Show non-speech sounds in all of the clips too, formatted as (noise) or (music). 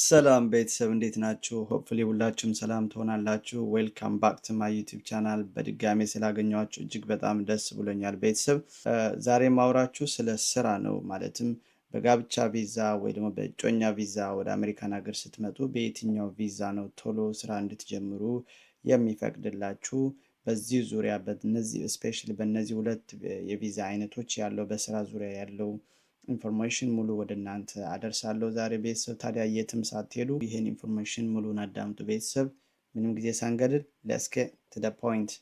ሰላም ቤተሰብ እንዴት ናችሁ? ሆፕፍሊ ሁላችሁም ሰላም ትሆናላችሁ። ዌልካም ባክ ቱ ማይ ዩቲብ ቻናል። በድጋሜ ስላገኘኋችሁ እጅግ በጣም ደስ ብሎኛል። ቤተሰብ ዛሬ ማውራችሁ ስለ ስራ ነው። ማለትም በጋብቻ ቪዛ ወይ ደግሞ በእጮኛ ቪዛ ወደ አሜሪካን ሀገር ስትመጡ በየትኛው ቪዛ ነው ቶሎ ስራ እንድትጀምሩ የሚፈቅድላችሁ? በዚህ ዙሪያ በነዚህ ስፔሻሊ በእነዚህ ሁለት የቪዛ አይነቶች ያለው በስራ ዙሪያ ያለው ኢንፎርሜሽን ሙሉ ወደ እናንተ አደርሳለሁ ዛሬ ቤተሰብ። ታዲያ የትም ሳትሄዱ ይህን ኢንፎርሜሽን ሙሉን አዳምጡ ቤተሰብ። ምንም ጊዜ ሳንገድል ለእስከ ትደ ፖይንት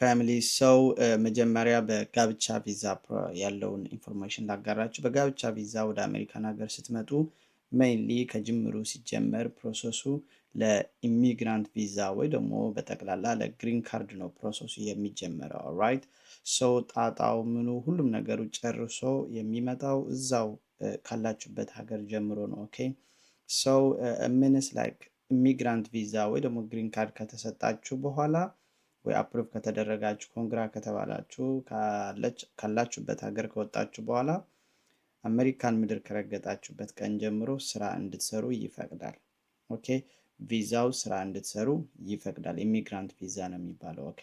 ፋሚሊ ሰው መጀመሪያ በጋብቻ ቪዛ ያለውን ኢንፎርሜሽን ላጋራችሁ። በጋብቻ ቪዛ ወደ አሜሪካን ሀገር ስትመጡ ሜይንሊ ከጅምሩ ሲጀመር ፕሮሰሱ ለኢሚግራንት ቪዛ ወይ ደግሞ በጠቅላላ ለግሪን ካርድ ነው ፕሮሰሱ የሚጀመረው። ራይት ሰው ጣጣው ምኑ ሁሉም ነገሩ ጨርሶ የሚመጣው እዛው ካላችሁበት ሀገር ጀምሮ ነው። ኦኬ ሰው ምንስ ላይክ ኢሚግራንት ቪዛ ወይ ደግሞ ግሪን ካርድ ከተሰጣችሁ በኋላ ወይ አፕሮቭ ከተደረጋችሁ ኮንግራ ከተባላችሁ ካላችሁበት ሀገር ከወጣችሁ በኋላ አሜሪካን ምድር ከረገጣችሁበት ቀን ጀምሮ ስራ እንድትሰሩ ይፈቅዳል። ኦኬ ቪዛው ስራ እንድትሰሩ ይፈቅዳል። ኢሚግራንት ቪዛ ነው የሚባለው። ኦኬ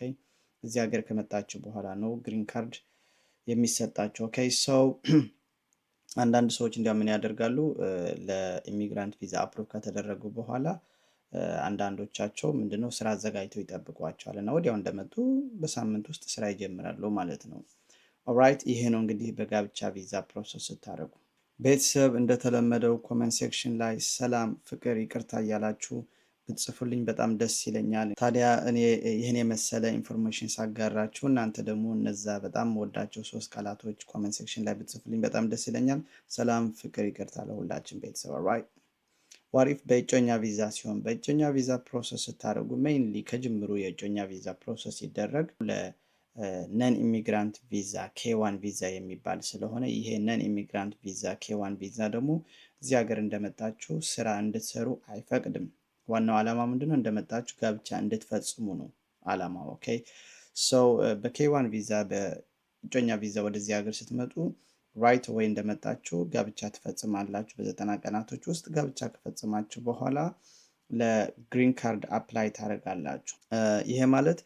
እዚህ ሀገር ከመጣችሁ በኋላ ነው ግሪን ካርድ የሚሰጣቸው። ኦኬ ሰው (clears throat) አንዳንድ ሰዎች እንዲያው ምን ያደርጋሉ ለኢሚግራንት ቪዛ አፕሮቭ ከተደረጉ በኋላ አንዳንዶቻቸው ምንድነው ስራ አዘጋጅተው ይጠብቋቸዋል እና ወዲያው እንደመጡ በሳምንት ውስጥ ስራ ይጀምራሉ ማለት ነው። ኦራይት ይሄ ነው እንግዲህ በጋብቻ ቪዛ ፕሮሰስ ስታደርጉ። ቤተሰብ እንደተለመደው ኮመንት ሴክሽን ላይ ሰላም፣ ፍቅር፣ ይቅርታ እያላችሁ ብትጽፉልኝ በጣም ደስ ይለኛል። ታዲያ እኔ ይህን የመሰለ ኢንፎርሜሽን ሳጋራችሁ እናንተ ደግሞ እነዛ በጣም ወዳቸው ሶስት ቃላቶች ኮመንት ሴክሽን ላይ ብትጽፉልኝ በጣም ደስ ይለኛል። ሰላም፣ ፍቅር፣ ይቅርታ ለሁላችን ቤተሰብ። ኦራይት ዋሪፍ በእጮኛ ቪዛ ሲሆን በእጮኛ ቪዛ ፕሮሰስ ስታደርጉ ሜይንሊ ከጅምሩ የእጮኛ ቪዛ ፕሮሰስ ሲደረግ ነን ኢሚግራንት ቪዛ ኬዋን ቪዛ የሚባል ስለሆነ ይሄ ነን ኢሚግራንት ቪዛ ኬዋን ቪዛ ደግሞ እዚህ ሀገር እንደመጣችሁ ስራ እንድትሰሩ አይፈቅድም። ዋናው ዓላማ ምንድነው? እንደመጣችሁ ጋብቻ እንድትፈጽሙ ነው ዓላማ። ኦኬ ሰው በኬዋን ቪዛ በእጮኛ ቪዛ ወደዚህ ሀገር ስትመጡ ራይት ወይ እንደመጣችሁ ጋብቻ ትፈጽማላችሁ። በዘጠና ቀናቶች ውስጥ ጋብቻ ከፈጽማችሁ በኋላ ለግሪን ካርድ አፕላይ ታደርጋላችሁ። ይሄ ማለት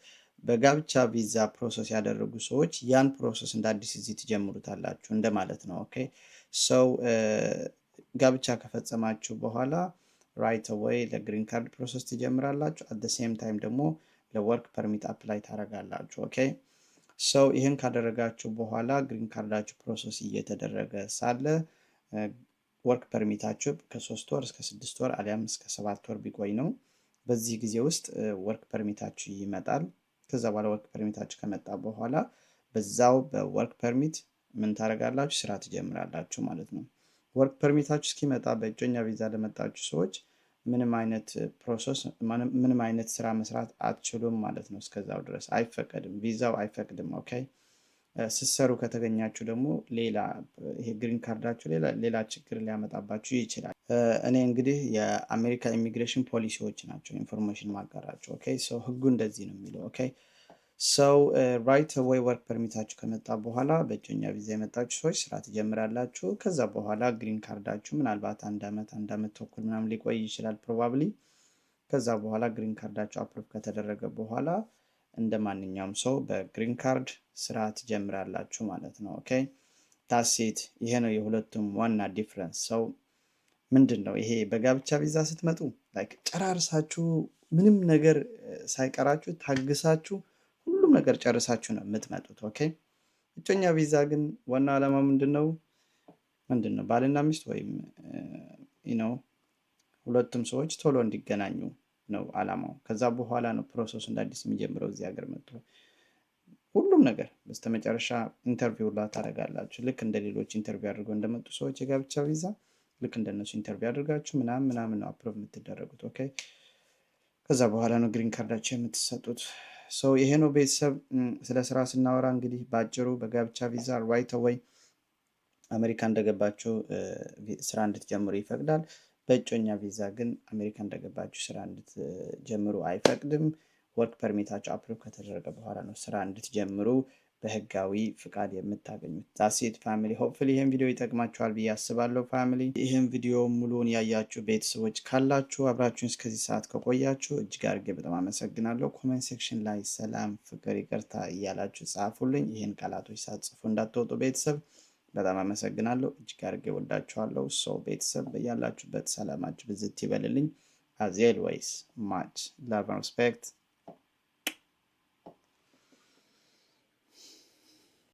በጋብቻ ቪዛ ፕሮሰስ ያደረጉ ሰዎች ያን ፕሮሰስ እንደ አዲስ እዚህ ትጀምሩታላችሁ እንደማለት ነው። ኦኬ ሰው ጋብቻ ከፈጸማችሁ በኋላ ራይት ወይ ለግሪን ካርድ ፕሮሰስ ትጀምራላችሁ። አደ ሴም ታይም ደግሞ ለወርክ ፐርሚት አፕላይ ታደርጋላችሁ። ኦኬ ሰው ይህን ካደረጋችሁ በኋላ ግሪን ካርዳችሁ ፕሮሰስ እየተደረገ ሳለ ወርክ ፐርሚታችሁ ከሶስት ወር እስከ ስድስት ወር አሊያም እስከ ሰባት ወር ቢቆይ ነው። በዚህ ጊዜ ውስጥ ወርክ ፐርሚታችሁ ይመጣል። ከዛ በኋላ ወርክ ፐርሚታችሁ ከመጣ በኋላ በዛው በወርክ ፐርሚት ምን ታደርጋላችሁ? ስራ ትጀምራላችሁ ማለት ነው። ወርክ ፐርሚታችሁ እስኪመጣ በእጮኛ ቪዛ ለመጣችሁ ሰዎች ምንም አይነት ፕሮሰስ ምንም አይነት ስራ መስራት አትችሉም ማለት ነው። እስከዛው ድረስ አይፈቀድም፣ ቪዛው አይፈቅድም። ኦኬ ስትሰሩ ከተገኛችሁ ደግሞ ሌላ ይሄ ግሪን ካርዳችሁ ሌላ ችግር ሊያመጣባችሁ ይችላል። እኔ እንግዲህ የአሜሪካ ኢሚግሬሽን ፖሊሲዎች ናቸው ኢንፎርሜሽን ማጋራቸው። ኦኬ ሰው ህጉ እንደዚህ ነው የሚለው። ኦኬ ሰው ራይት ወይ ወርክ ፐርሚታችሁ ከመጣ በኋላ በእጮኛ ቪዛ የመጣችሁ ሰዎች ስራ ትጀምራላችሁ። ከዛ በኋላ ግሪን ካርዳችሁ ምናልባት አንድ አመት አንድ ዓመት ተኩል ምናምን ሊቆይ ይችላል ፕሮባብሊ። ከዛ በኋላ ግሪን ካርዳችሁ አፕሮቭ ከተደረገ በኋላ እንደ ማንኛውም ሰው በግሪን ካርድ ስራ ትጀምራላችሁ ማለት ነው። ኦኬ ታሴት ይሄ ነው የሁለቱም ዋና ዲፍረንስ። ሰው ምንድን ነው ይሄ በጋብቻ ቪዛ ስትመጡ ጨራርሳችሁ ምንም ነገር ሳይቀራችሁ ታግሳችሁ ሁሉም ነገር ጨርሳችሁ ነው የምትመጡት። ኦኬ እጮኛ ቪዛ ግን ዋና ዓላማ ምንድን ነው ምንድን ነው ባልና ሚስት ወይም ነው ሁለቱም ሰዎች ቶሎ እንዲገናኙ ነው አላማው። ከዛ በኋላ ነው ፕሮሰሱ እንደ አዲስ የሚጀምረው እዚህ ሀገር መጥቶ ሁሉም ነገር በስተመጨረሻ ኢንተርቪው ላ ታደርጋላችሁ። ልክ እንደ ሌሎች ኢንተርቪው አድርገው እንደመጡ ሰዎች የጋብቻ ቪዛ ልክ እንደነሱ ኢንተርቪው አድርጋችሁ ምናምን ምናምን ነው አፕሮቭ የምትደረጉት። ኦኬ ከዛ በኋላ ነው ግሪን ካርዳቸው የምትሰጡት። ሰው ይሄ ነው ቤተሰብ። ስለ ስራ ስናወራ እንግዲህ በአጭሩ በጋብቻ ቪዛ ራይት ወይ አሜሪካ እንደገባችሁ ስራ እንድትጀምሩ ይፈቅዳል። በእጮኛ ቪዛ ግን አሜሪካ እንደገባችሁ ስራ እንድትጀምሩ አይፈቅድም። ወርክ ፐርሜታቸው አፕሮቭ ከተደረገ በኋላ ነው ስራ እንድትጀምሩ በህጋዊ ፍቃድ የምታገኙት። ዛሴት ፋሚሊ ሆፕፍሊ ይህን ቪዲዮ ይጠቅማችኋል ብዬ አስባለሁ። ፋሚሊ ይህን ቪዲዮ ሙሉውን ያያችሁ ቤተሰቦች ካላችሁ አብራችሁን እስከዚህ ሰዓት ከቆያችሁ እጅግ አድርጌ በጣም አመሰግናለሁ። ኮመንት ሴክሽን ላይ ሰላም፣ ፍቅር፣ ይቅርታ እያላችሁ ጻፉልኝ። ይህን ቃላቶች ሳትጽፉ እንዳትወጡ ቤተሰብ በጣም አመሰግናለሁ። እጅግ አድርጌ ወዳችኋለሁ። ሰው ቤተሰብ ያላችሁበት ሰላማችሁ ብዝት ይበልልኝ። አዝ ኦልዌይስ ማች ላቭ ሪስፔክት